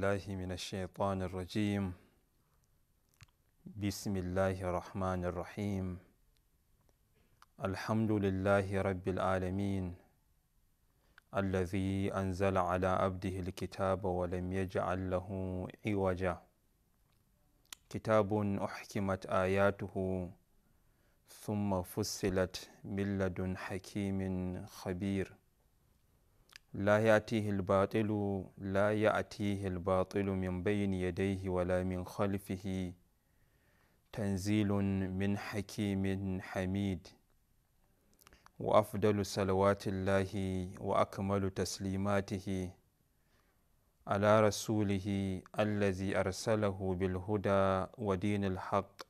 بالله من الشيطان الرجيم بسم الله الرحمن الرحيم الحمد لله رب العالمين الذي أنزل على عبده الكتاب ولم يجعل له عوجا كتاب أحكمت آياته ثم فصلت من لدن حكيم خبير لا يأتيه الباطل لا يأتيه الباطل من بين يديه ولا من خلفه تنزيل من حكيم حميد وأفضل صلوات الله وأكمل تسليماته على رسوله الذي أرسله بالهدى ودين الحق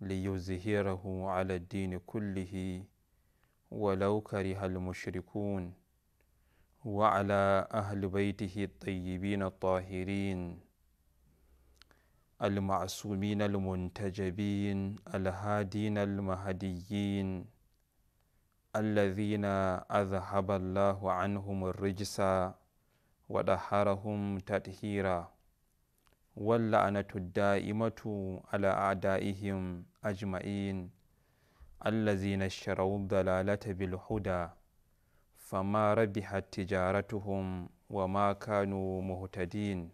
ليظهره على الدين كله ولو كره المشركون وعلى أهل بيته الطيبين الطاهرين المعصومين المنتجبين الهادين المهديين الذين أذهب الله عنهم الرجس ودحرهم تطهيرا واللعنة الدائمة على أعدائهم أجمعين الذين اشتروا الضلالة بالهدى fama rabihat tijaratuhum wa ma kanu muhtadin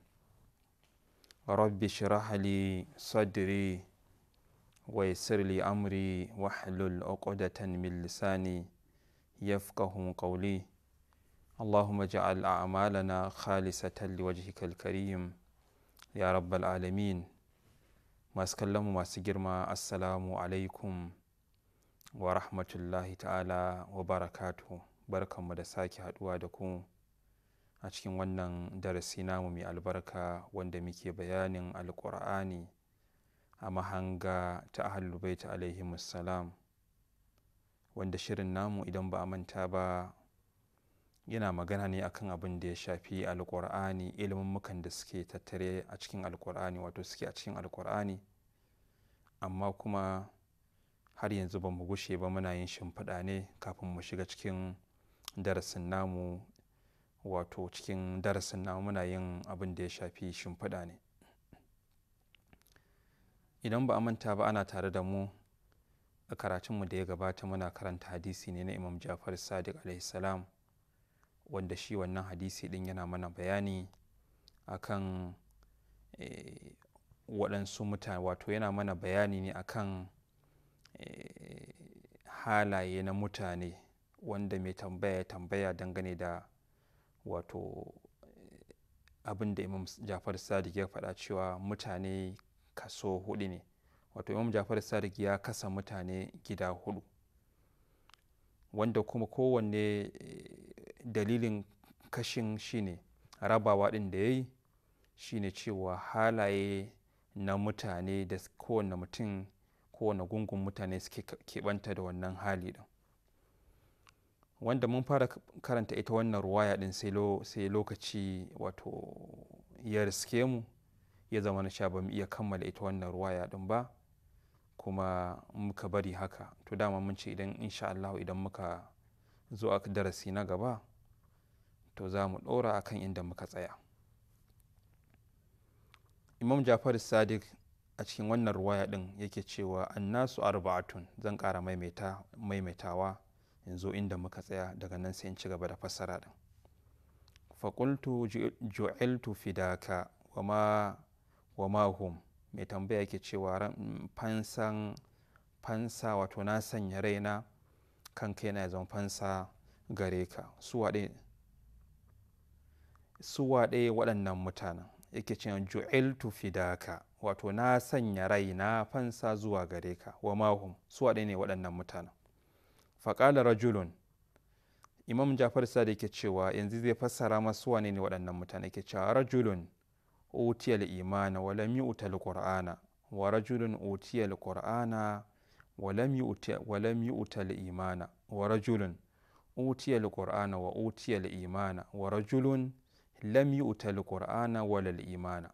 rabbi shrah li sadri wa yassir li amri wahlul uqdatan min lisani yafqahu qawli اللهم اجعل أعمالنا خالصة لوجهك الكريم ya rabbal alamin masu masu girma assalamu alaikum wa rahmatullahi ta'ala wa barakatu. barkanmu da sake haɗuwa da ku a cikin wannan darasi namu mai albarka wanda muke bayanin alkur'ani a mahanga ta ahalubaita musalam wanda shirin namu idan ba a manta ba yana magana ne akan abin da ya shafi alkur'ani ilimin da suke tattare a cikin alkur'ani wato suke a cikin alkur'ani amma kuma har yanzu ba mu gushe ba muna yin shimfiɗa ne kafin mu shiga cikin darasin namu wato cikin darasin namu muna yin abin da ya shafi shimfiɗa ne idan ba a manta ba ana tare da mu a karatunmu da ya gabata muna karanta hadisi ne na imam jafar sadiq salam wanda shi wannan hadisi din yana mana bayani akan eh, waɗansu mutane wato yana mana bayani ne akan eh, halaye na mutane wanda mai tambaya ya tambaya dangane da wato eh, abin da Imam Jafar Sadiq ya faɗa cewa mutane kaso hudu ne. Wato Imam Jafar Sadiq ya kasa mutane gida hudu Wanda kuma kowanne eh, dalilin kashin shine rabawa din da ya yi shine cewa halaye na mutane da kowane mutum kowane gungun mutane suke keɓanta da wannan hali ɗin. wanda mun fara karanta ita wannan ruwaya din sai lokaci wato ya riske mu ya zama na sha ba mu iya kammala ita wannan ruwaya din ba kuma muka bari haka to dama mun ce idan insha Allah idan muka zo a darasi na gaba to za mu ɗora a kan inda muka tsaya imam jafar sadiq a cikin wannan ruwaya din yake cewa annasu arba'atun zan ƙara maimaitawa Yanzu, inda muka tsaya daga nan sai in ci gaba da fassara din faƙultu ju'iltu fidaka wa ma hum mai tambaya ke cewa fansan fansa wato na sanya raina kan kai na zama fansa gare ka suwa ɗaya waɗannan mutanen yake cewa ju'iltu fidaka wato na sanya raina fansa zuwa gare ka wa ma hum suwa ɗaya ne waɗannan mutanen faƙala rajulun imam jafar sadi ke cewa yanzu zai fassara masu wane ne waɗannan mutane ke cewa rajulun utiyal imana wa lam yu'tal qur'ana wa rajulun utiyal qur'ana wa lam yu'tal imana wa rajulun utiyal qur'ana wa utiyal imana wa rajulun lam yu'tal qur'ana walal imana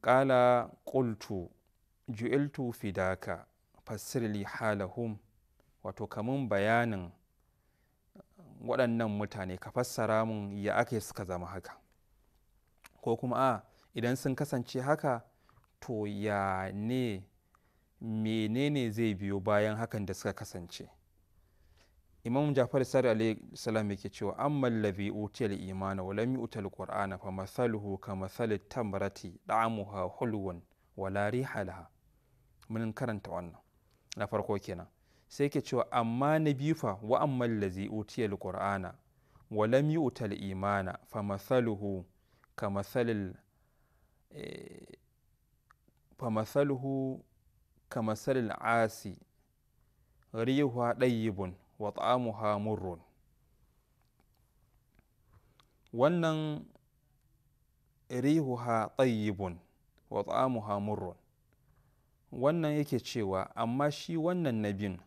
qala qultu ju'iltu fidaka Fasirli halahum wato kamun bayanin waɗannan mutane ka fassara mun ya aka suka zama haka ko kuma a idan sun kasance haka to ya ne menene zai biyo bayan hakan da suka kasance imam jafar sari alayhi salam yake cewa an mallabi utiya imana wa lam yuta fa masaluhu ka masali tamrati da'amuha hulwan wa la riha mun karanta wannan na farko kenan sai ke cewa amma na bifa fa wa amman lazi utiyal qur'ana wa lam yu'tal imana fa masaluhu ka masalil eh, fa masaluhu ka masalil asi rihuha dayyibun wa ta'amuha murrun wannan riha tayyibun wa ta'amuha murrun wannan yake cewa amma shi wannan na bin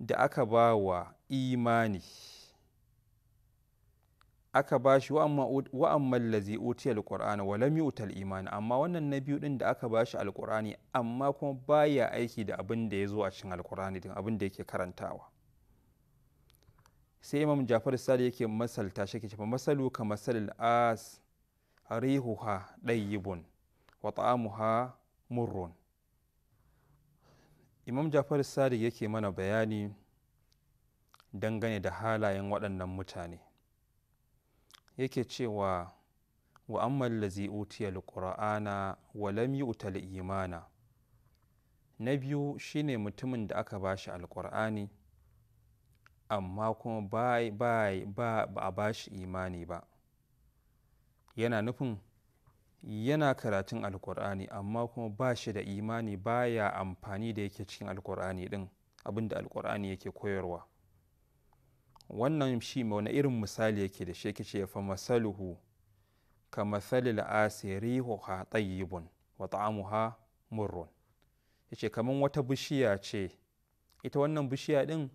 da aka ba wa imani aka ba shi wa'amman lazi utiya alƙur'ana wa lam yutal imani amma wannan na biyu ɗin da aka ba shi alƙur'ani amma kuma baya aiki da abin da ya zo a cikin alƙur'ani din abin da yake karantawa sai imam jafar sali yake masalta shi ke cewa masalu ka masalil as rihuha ɗayyibun wa ta'amuha murrun imam jafar sadiq yake mana bayani dangane da halayen waɗannan mutane yake cewa wa amman lazi utiya alqur'ana wa lam yu'ta imana na biyu shine mutumin da aka bashi alqur'ani amma kuma ba a bashi imani ba yana nufin yana karatun alkur'ani amma kuma ba shi da imani baya amfani da yake cikin alkur'ani din abinda alkur'ani yake koyarwa wannan shi wani irin misali yake da shi yake fa masaluhu ka masalil ha tayyibun wa ta'amuha murrun yace kaman wata bishiya ce ita wannan bishiya din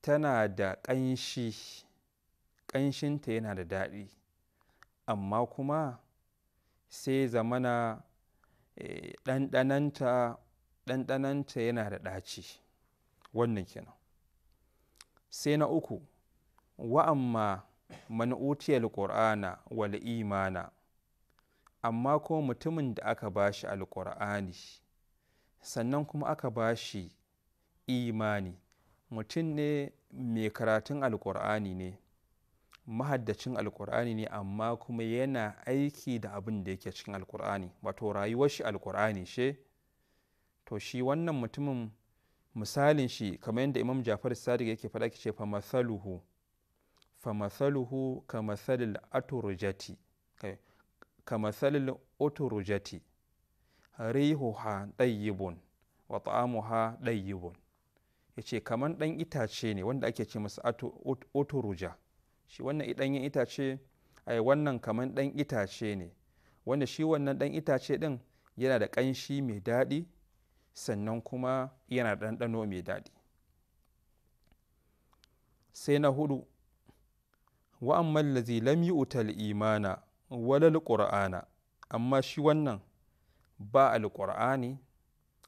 tana da ƙanshi ƙanshinta yana da daɗi amma kuma sai zamana eh, ɗanɗanonta ɗanɗananta yana da ɗaci wannan kenan sai na uku wa'amma man utiyal qur'ana wal imana amma kuma mutumin da aka bashi alƙur'ani sannan kuma aka bashi imani mutum ne mai karatun alƙur'ani ne mahaddacin alkur'ani ne amma kuma yana aiki da abin da yake cikin alkur'ani wato rayuwar shi alkur'ani she to shi wannan mutumin misalin shi kamar yadda imam jafar sadiq yake faɗa ce fa masaluhu fa masaluhu ka masalil aturjati eh, ka rihuha dayyibun wa ta'amuha dayyibun yace kaman ɗan itace ne wanda ake ce masa uturuja shi wannan ɗanyen itace ai wannan kaman ɗan itace ne wanda shi wannan ɗan itace ɗin yana da ƙanshi mai daɗi sannan kuma yana da ɗanɗano mai daɗi sai na hudu wa amman lazi lam yu'tal imana wala qur'ana amma shi wannan ba Alƙur'ani,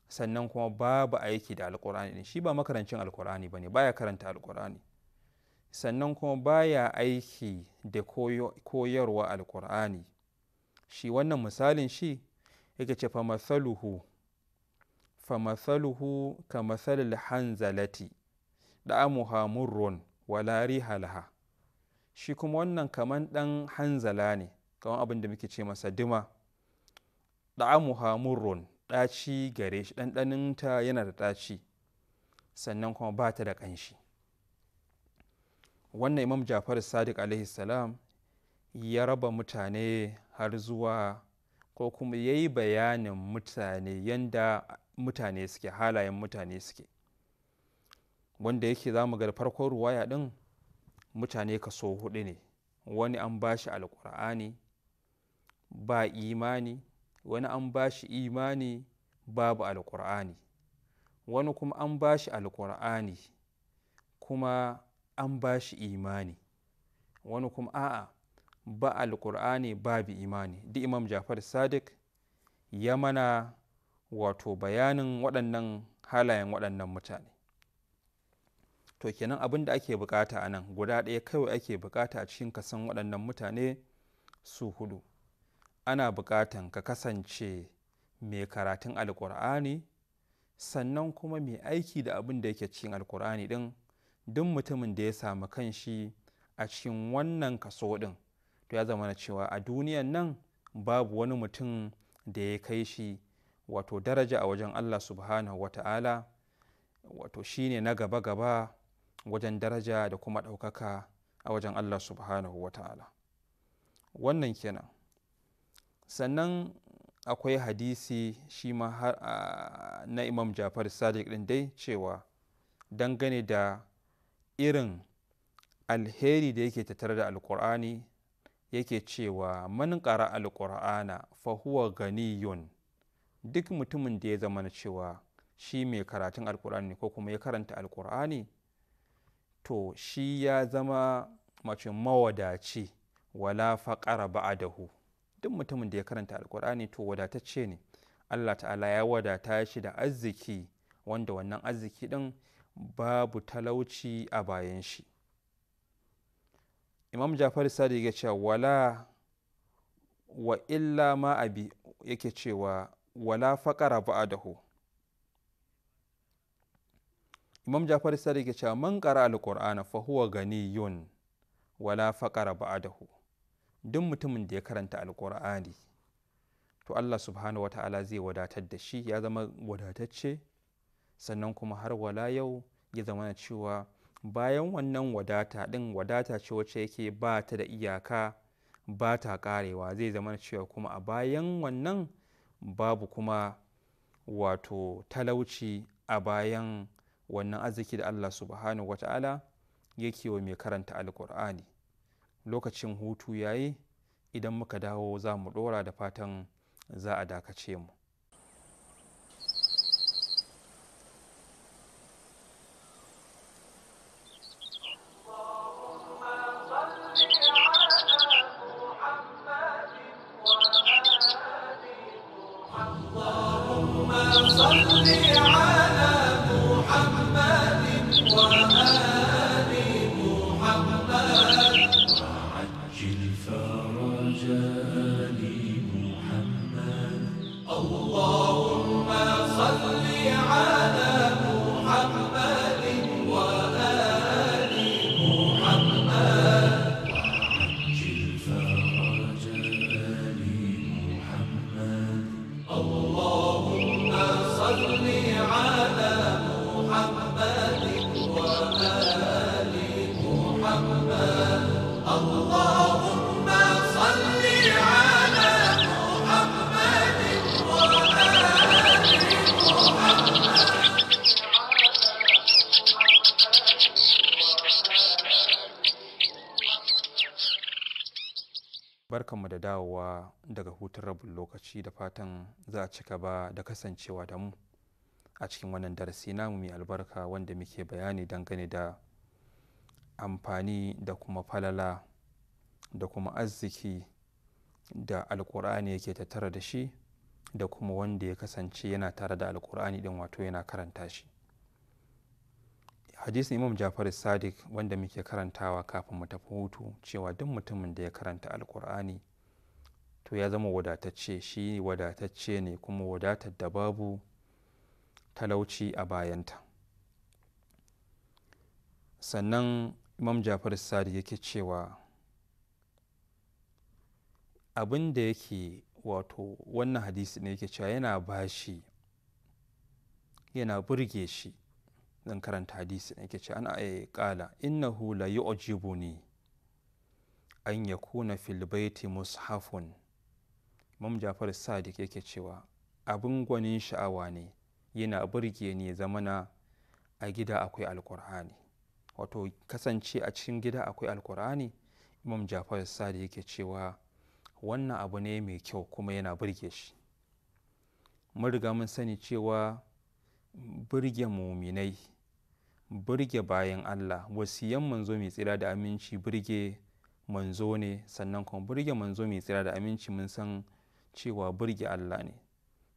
sannan kuma babu aiki da alqur'ani shi ba makarancin alqur'ani bane baya karanta alqur'ani sannan kuma baya aiki da koyarwa alkur'ani shi wannan misalin shi yake ce fa famathaluhu ka mathalil hanzalati da'amuha murrun wala rihalha shi kuma wannan kaman dan hanzala ne kaman abin da muke ce masa dima da'amuha murrun ɗaci gare shi ɗanɗaninta yana da ɗaci sannan kuma ba ta da ƙanshi wannan imam jafar sadiq alaihi salam ya raba mutane har zuwa ko kuma ya yi bayanin mutane yadda mutane suke halayen mutane suke wanda yake za mu ga farkon ruwaya ɗin mutane kaso hudu ne wani an ba shi alkur'ani ba imani wani an ba shi imani babu alkur'ani wani kuma an ba shi alkur'ani kuma an ba shi imani wani kuma a'a ba alkur'ani babu imani duk imam jafar sadiq ya mana wato bayanin waɗannan halayen waɗannan mutane to kenan abin da ake bukata a nan guda ɗaya kawai ake bukata a cikin kasan waɗannan mutane su hudu ana bukatan ka kasance mai karatun alkur'ani sannan kuma mai aiki da abin da yake cikin alkur'ani din. duk mutumin da ya samu kanshi a cikin wannan kaso ɗin to ya zama na cewa a duniyan nan babu wani mutum da ya kai shi wato daraja a wajen Allah subhanahu wa wato shi ne na gaba-gaba wajen daraja da kuma ɗaukaka a wajen Allah subhanahu wa wannan kenan sannan akwai hadisi shi ma ah, na imam jafar sadiq ɗin dai cewa dangane da irin alheri da yake tattare da alkur'ani yake cewa man ƙara alkur'ana fahuwa ganiyun duk mutumin da ya zama na cewa shi mai karatun alkur'ani ko kuma ya karanta alkur'ani to shi ya zama mace mawadaci wala faƙara dahu? duk mutumin da ya karanta alkur'ani to wadatacce ne allah ta'ala ya wadata shi da arziki wanda wannan arziki din. babu talauci a bayan shi imam jafar sadi ya ce wala wa illa ma abi yake cewa wala faƙara ba'adahu imam jafar sadi ya ce man ƙara alƙur'ana fa huwa yun wala faƙara ba'adahu duk mutumin da ya karanta alƙur'ani to allah subhanahu wa ta'ala zai wadatar da shi ya zama wadatacce sannan kuma har wala yau ya zama na cewa bayan wannan wadata ɗin wadata ce wacce yake ba ta da iyaka ba ta ƙarewa zai zama na cewa kuma a bayan wannan babu kuma wato talauci a bayan wannan arziki da Allah subhanahu wata'ala yake wa mai karanta alkur'ani lokacin hutu yayi idan muka dawo za mu ɗora da fatan za a dakace mu hutun rabin lokaci da fatan za a cika ba da kasancewa da mu a cikin wannan darasi namu mai albarka wanda muke bayani dangane da amfani da kuma falala da kuma arziki da alkur'ani yake tattara da shi da kuma wanda ya kasance yana tare da alkur'ani din wato yana karanta shi hadisin imam jafar sadiq wanda muke karantawa kafin mu tafi hutu cewa duk mutumin da ya karanta alkur'ani to ya zama wadatacce shi wadatacce ne kuma wadatar da babu talauci a bayanta sannan imam jafar sadi yake cewa abin da yake wato wannan hadisi ne yake cewa yana bashi yana burge shi zan karanta hadisi ne yake cewa ana a eh, kala innahu la ne an yakuna fil baiti mushafun Imam Jafar Sadiq yake cewa abin gwanin sha'awa ne yana burge ni zamana a gida akwai alkur'ani wato kasance a cikin gida akwai alkur'ani imam jafar sadi yake cewa wannan abu ne mai kyau kuma yana burge shi mun riga mun sani cewa burge muminai burge bayan allah wasu wasiyan manzo mai tsira da aminci burge manzo ne sannan kuma burge manzo mai tsira da aminci mun san cewa burge Allah ne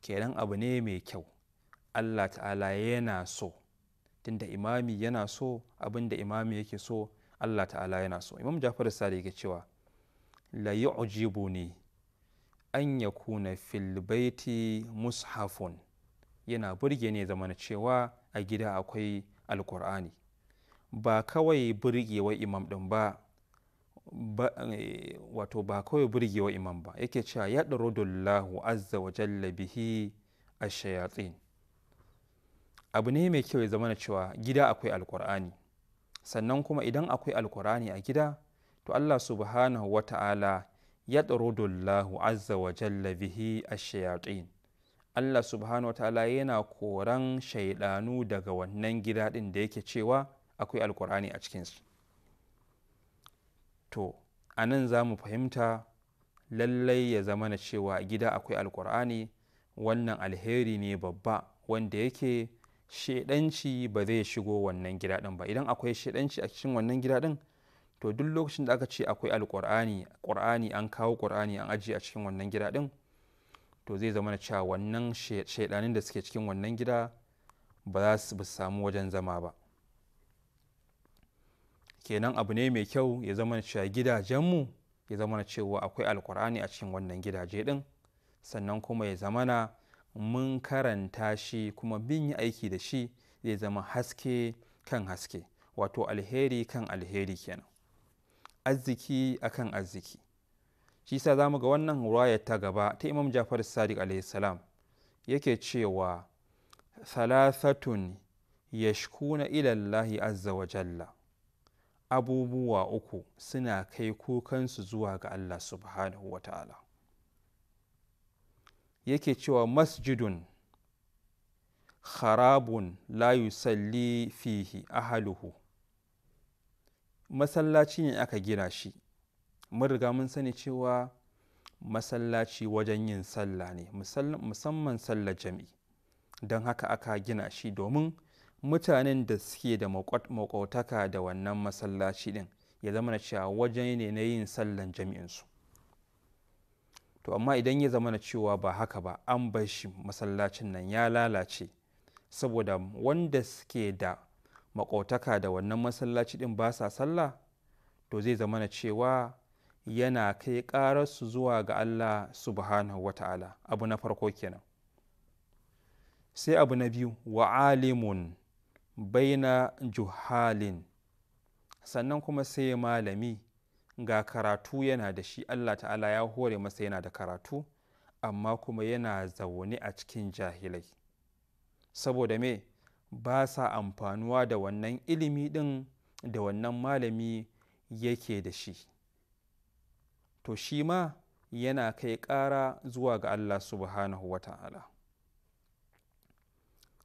kenan abu ne mai kyau Allah ta'ala yana so tunda imami yana so abin da imami yake so Allah ta'ala yana so imam Jafar sadi ga cewa la ne. an ya fil baiti mushafun yana burge ne zamana cewa a gida akwai alkur'ani ba kawai burgewa imam din ba Eh, wato ba kawai burgewa imam ba yake cewa ya ɗarodullahu azza wa jalla bihi a shayatsin abu ne mai kyau ya zama cewa gida akwai alkur'ani sannan kuma idan akwai alkur'ani a gida to allah subhanahu wa ta'ala ya ɗarodullahu azza wa jalla bihi a shayatsin allah subhanahu wa ta'ala yana koran shaidanu daga wannan gida ɗin da yake cewa akwai alkur'ani a cikinsu to a nan za mu fahimta lallai ya zama na cewa gida akwai alkur'ani wannan alheri ne babba wanda yake shaidanci ba zai shigo wannan gida ɗin ba idan akwai shaidanci a cikin wannan gida ɗin to duk lokacin da aka ce akwai alkur'ani ƙur'ani an kawo ƙur'ani an ajiye a cikin wannan gida ɗin to zai zama na cewa wannan shaidanin da suke cikin wannan gida ba za su samu wajen zama ba kenan abu ne mai kyau ya zama cewa gidajenmu ya zama cewa akwai alkur'ani a cikin wannan gidaje din sannan kuma ya zamana mun karanta shi kuma bin yi aiki da shi zai zama haske kan haske wato alheri kan alheri kenan arziki akan arziki shi sa za mu ga wannan ruwayar ta gaba ta imam jafar sadiq alaihissalam yake cewa salafatun yashkuna ilallahi azza wa jalla abubuwa uku suna kai kukansu zuwa ga Allah subhanahu wa ta'ala yake cewa masjidun harabun la yusalli fihi ahaluhu masallaci ne aka gina shi mun riga mun sani cewa masallaci wajen yin sallah ne musamman sallar Jami, don haka aka gina shi domin mutanen da suke da makwautaka da wannan masallaci din ya zama na cewa wajen ne na yin sallan jami'insu to amma idan ya zama na cewa ba haka ba an bar shi masallacin nan ya lalace saboda wanda suke da makwautaka da wannan masallaci din ba sa sallah to zai zama na cewa yana kai su zuwa ga Allah subhanahu wa ta'ala abu na farko kenan sai abu na biyu wa alimun baina juhalin sannan kuma sai malami ga karatu yana da shi allah ta'ala ya hore masa yana da karatu amma kuma yana zaune a cikin jahilai saboda me ba sa amfanuwa da wannan ilimi ɗin da wannan malami yake da shi to shi ma yana kai ƙara zuwa ga allah subhanahu wa ta'ala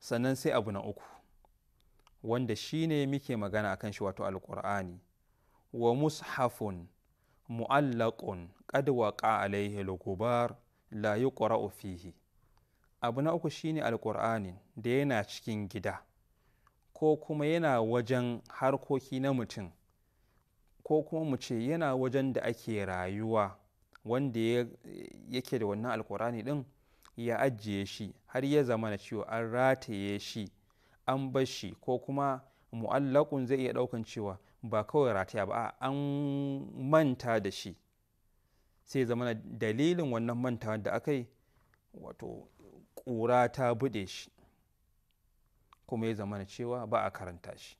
sannan sai abu na uku wanda shi ne muke magana a kan shi wato alkur'ani wa mushafun mu'allaqun qad waqa alaihi al-gubar la yuqra'u abu na uku shine alkur'ani da yana cikin gida ko kuma yana wajen harkoki na mutum ko kuma mu ce yana wajen da ake rayuwa wanda yake da wannan alkurani din ya ajiye shi har ya zama na cewa an rataye shi an bar shi ko kuma mu'allakun zai iya ɗaukan cewa ba kawai rataya ba an manta da shi sai zama dalilin wannan mantawa da aka yi wato ƙura ta buɗe shi kuma ya zama cewa ba a karanta shi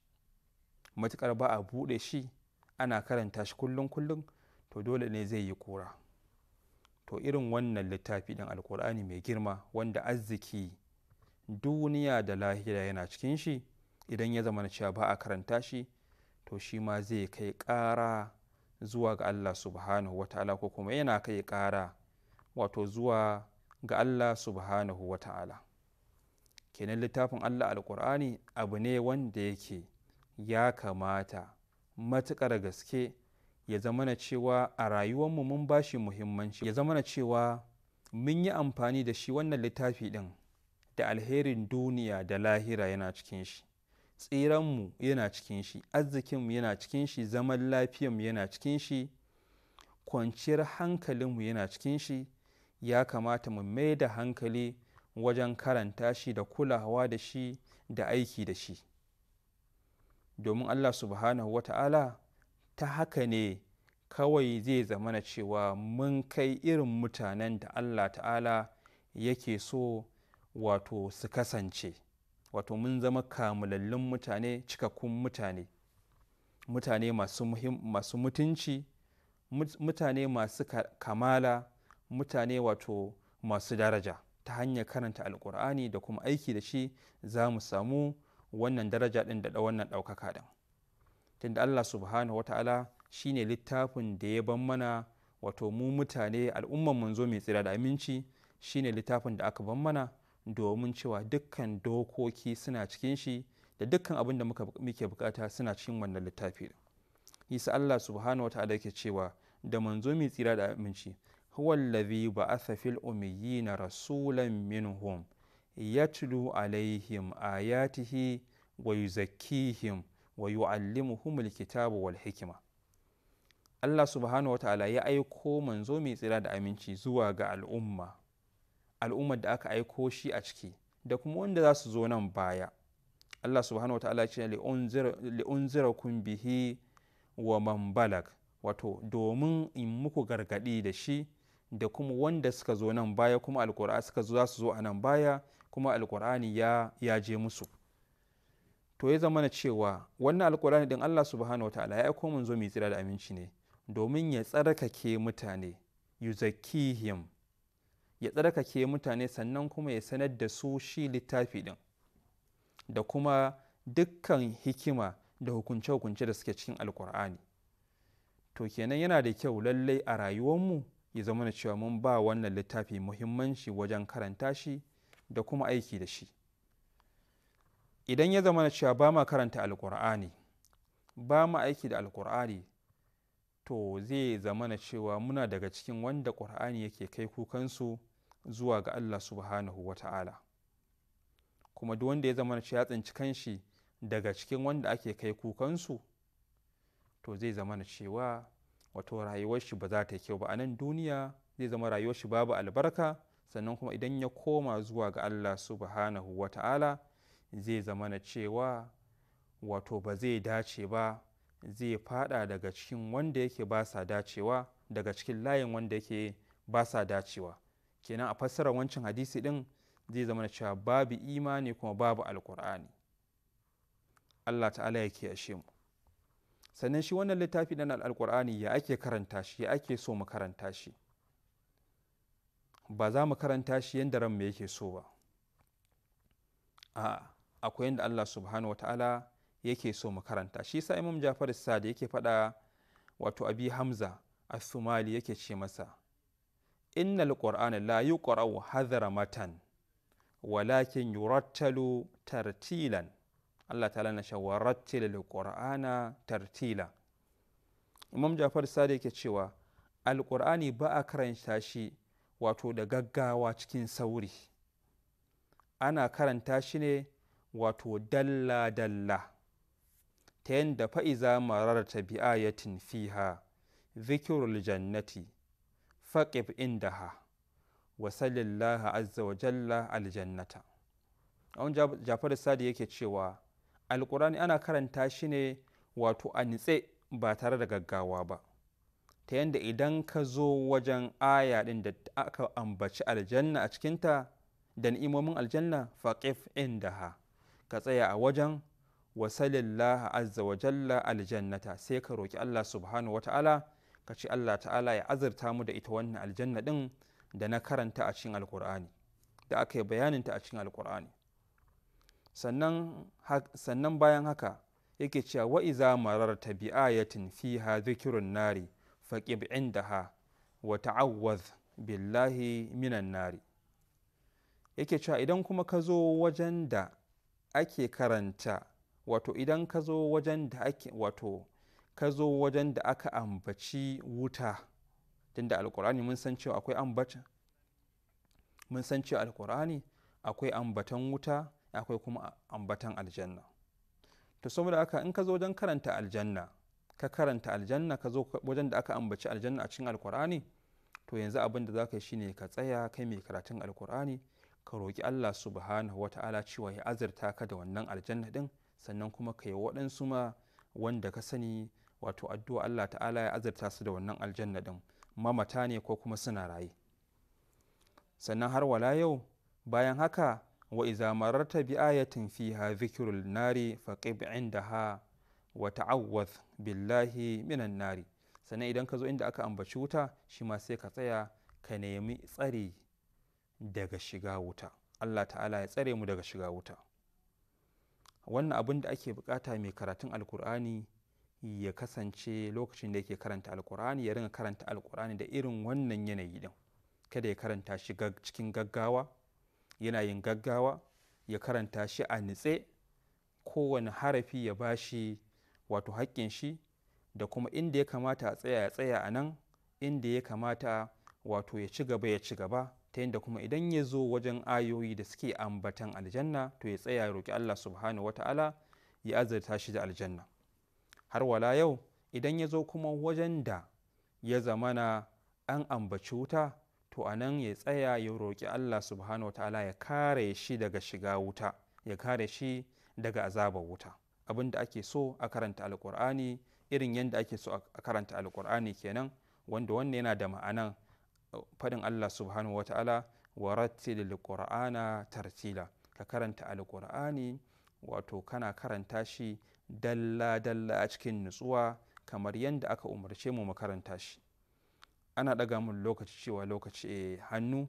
matuƙar ba a buɗe shi ana karanta shi kullum kullum to dole ne zai yi ƙura to irin wannan littafi ɗin alkur'ani mai girma wanda arziki duniya da lahira yana cikin shi idan ya zama cewa ba a karanta shi to shi ma zai kai ƙara zuwa ga Allah subhanahu wa ta'ala ko kuma yana kai ƙara wato zuwa ga Allah subhanahu wa ta'ala kenan littafin Allah alƙur'ani abu ne wanda yake ya kamata matuƙar gaske ya zama na cewa a rayuwar mu mun bashi muhimmanci ya zama na cewa mun yi amfani da shi wannan littafi ɗin da alherin duniya da lahira yana cikin shi tsiranmu yana cikin shi arzikinmu yana cikin shi zaman lafiyanmu yana cikin shi kwanciyar hankalinmu yana cikin shi ya kamata mu mai da hankali wajen karanta shi da kulawa da shi da aiki da shi domin allah subhanahu wata'ala ta haka ne kawai zai zamana cewa mun kai irin mutanen da allah ta'ala yake so wato su kasance wato mun zama kamulallun mutane cikakkun mutane mutane masu mutunci mutane masu kamala mutane wato masu daraja ta hanyar karanta alkur'ani da kuma aiki da shi za mu samu wannan daraja ɗin da wannan ɗaukaka ɗin tunda allah subhanahu wa ta'ala shi ne littafin da ya ban mana wato mu mutane al'umman manzo mai tsira da aminci ne littafin da aka ban mana domin cewa dukkan dokoki suna cikin shi da dukkan abin da muke bukata suna cikin wannan littafi isa Allah subhanahu ta'ala yake cewa da manzo mai tsira da aminci huwa allazi ba'atha fil ummiyina rasulan minhum yatlu alaihim ayatihi wa yuzakkihim wa humul kitabu wal hikima Allah subhanahu ta'ala ya aiko manzo mai tsira da aminci zuwa ga al'umma al'ummar da aka aiko shi a ciki da kuma wanda za su zo nan baya Allah subhanahu wataala ce li'unzira kun bihi wa man balag wato domin in muku gargadi da shi da kuma wanda suka zo nan baya kuma alkura suka zo za su zo a nan baya kuma alkur'ani ya ya je musu to ya zama na cewa wannan alkur'ani din Allah subhanahu wataala ya aiko mun zo mai tsira da aminci ne domin ya tsarkake mutane yuzakkihim ya tsarkake mutane sannan kuma ya sanar da su shi littafi din da kuma dukkan hikima da hukunce-hukunce da suke cikin alkur'ani to kenan yana da kyau lallai a rayuwarmu ya zama na cewa mun ba wannan littafi muhimmanci wajen karanta shi da kuma aiki da shi idan ya zama na cewa ba ma karanta alkur'ani ba ma aiki da alkur'ani to zai zama na cewa muna daga cikin wanda ƙur'ani yake kai kukansu zuwa ga Allah subhanahu wa ta'ala kuma duk wanda ya zama na ya tsinci kanshi daga cikin wanda ake kai kukansu to zai zama na cewa wato rayuwar shi ba za ta yi kyau ba a nan duniya zai zama rayuwar shi babu albarka sannan kuma idan ya koma zuwa ga Allah subhanahu wa ta'ala zai zama na cewa wato ba zai dace ba zai fada daga cikin wanda yake ba sa dacewa daga cikin layin wanda yake ba sa dacewa kenan a fassarar wancan hadisi din zai zama cewa babu imani kuma babu alkur'ani allah ta'ala ya kiyashe mu sannan shi wannan littafi na alkur'ani ya ake karanta shi ya ake so mu karanta shi ba za mu karanta shi yadda ran mu yake so ba a akwai yadda allah subhanahu wa ta'ala yake so mu karanta shi sa imam jafar sadi yake faɗa wato abi hamza as-sumali yake ce masa inna qur'ana la yuqra'u matan walakin yurattalu tartilan Allah ta'ala na cewa rattilil tartila Imam Jafar Sadiq ke cewa alqur'ani ba a karanta shi wato da gaggawa cikin sauri ana karanta shi ne wato dalla dalla ta yanda fa'iza marar ta bi'ayatin fiha zikirul jannati faƙif indaha wa sallallahu azza wa jalla aljannata a wani sadi yake cewa alkurani ana karanta shi ne wato a nitse ba tare da gaggawa ba ta yadda idan ka zo wajen aya ɗin da aka ambaci aljanna a cikinta da ni'imomin aljanna faƙif indaha ka tsaya a wajen sallallahu azza wa jalla aljannata sai ka roƙi allah subhanahu ta'ala. ka ce Allah ta'ala ya azurta mu da ita wannan aljanna ɗin da na karanta a cikin alkur'ani da aka yi bayaninta a cikin alkur'ani sannan bayan haka yake cewa wa iza mararta bi ayatin ha zikirun nari inda ha wa ta'awwaz billahi minan nari yake cewa idan kuma ka zo wajen da ake karanta wato idan ka zo wajen da ake wato ka zo wajen da aka ambaci wuta tunda alkur'ani mun san cewa akwai ambata mun san cewa alkur'ani akwai ambatan wuta akwai kuma ambatan aljanna to saboda haka in ka zo wajen karanta aljanna ka karanta aljanna ka zo wajen da aka ambaci aljanna a cikin alkur'ani to yanzu abin da za ka yi shine ka tsaya kai mai karatun alkur'ani ka roki allah subhanahu wa ta'ala cewa ya azurta ka da wannan aljanna din sannan kuma ka yi waɗansu ma wanda ka sani wato addu'a Allah ta'ala ya azurta su da wannan aljanna din mamata ne ko kuma suna raye sannan har wala yau bayan haka wa iza mararta bi ayatin fiha zikrul nari faqib indaha wa ta'awwaz billahi minan nari sannan idan ka zo inda aka ambaci wuta shi ma sai ka tsaya ka nemi tsare daga shiga wuta Allah ta'ala ya tsare mu daga shiga wuta wannan abin da ake bukata mai karatun alkur'ani ya kasance lokacin da yake karanta alkur'ani ya ringa karanta alkur'ani da irin wannan yanayi din kada ya karanta shi cikin gaggawa yana yin gaggawa ya karanta shi a nitse kowane harafi ya ba shi wato haƙƙin shi da kuma inda ya kamata a tsaya ya tsaya a nan inda ya kamata wato ya ci gaba ya ci gaba ta yadda kuma idan ya zo wajen ayoyi da suke ambatan aljanna to ya tsaya ya roƙi Allah subhanahu wata'ala ya azurta shi da aljanna har wala yau idan ya zo kuma wajen da ya zamana an ambaci wuta to a nan ya tsaya ya roƙi Allah subhanahu wa ta'ala ya kare shi daga shiga wuta ya kare shi daga azabar wuta abin da ake so a karanta alƙur'ani irin yadda ake so a karanta alƙur'ani kenan wanda wannan yana da ma'anan uh, faɗin Allah subhanahu wa ta'ala wa tartila ka karanta alƙur'ani wato kana karanta shi dalla-dalla a cikin nutsuwa kamar yadda aka umarce mu makaranta shi ana ɗaga mun lokaci cewa lokaci eh, hannu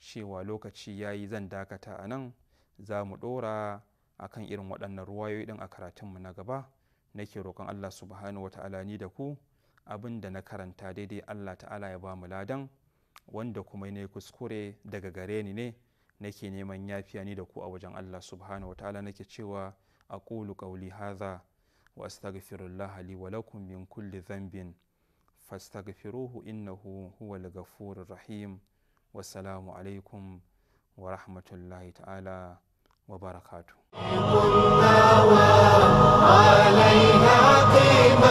cewa lokaci ya yi zan dakata a nan za mu ɗora a kan irin waɗannan ruwayoyi ɗin a karatunmu na gaba nake roƙon allah subhanahu wa ta'ala ni da ku abin da na karanta daidai allah ta'ala ya ba mu ladan wanda kuma ne kuskure daga gare ni ne nake neman yafiya ni da ku a wajen allah subhanahu wa ta'ala nake cewa أقول قولي هذا وأستغفر الله لي ولكم من كل ذنب فاستغفروه إنه هو الغفور الرحيم والسلام عليكم ورحمة الله تعالى وبركاته علينا قيمة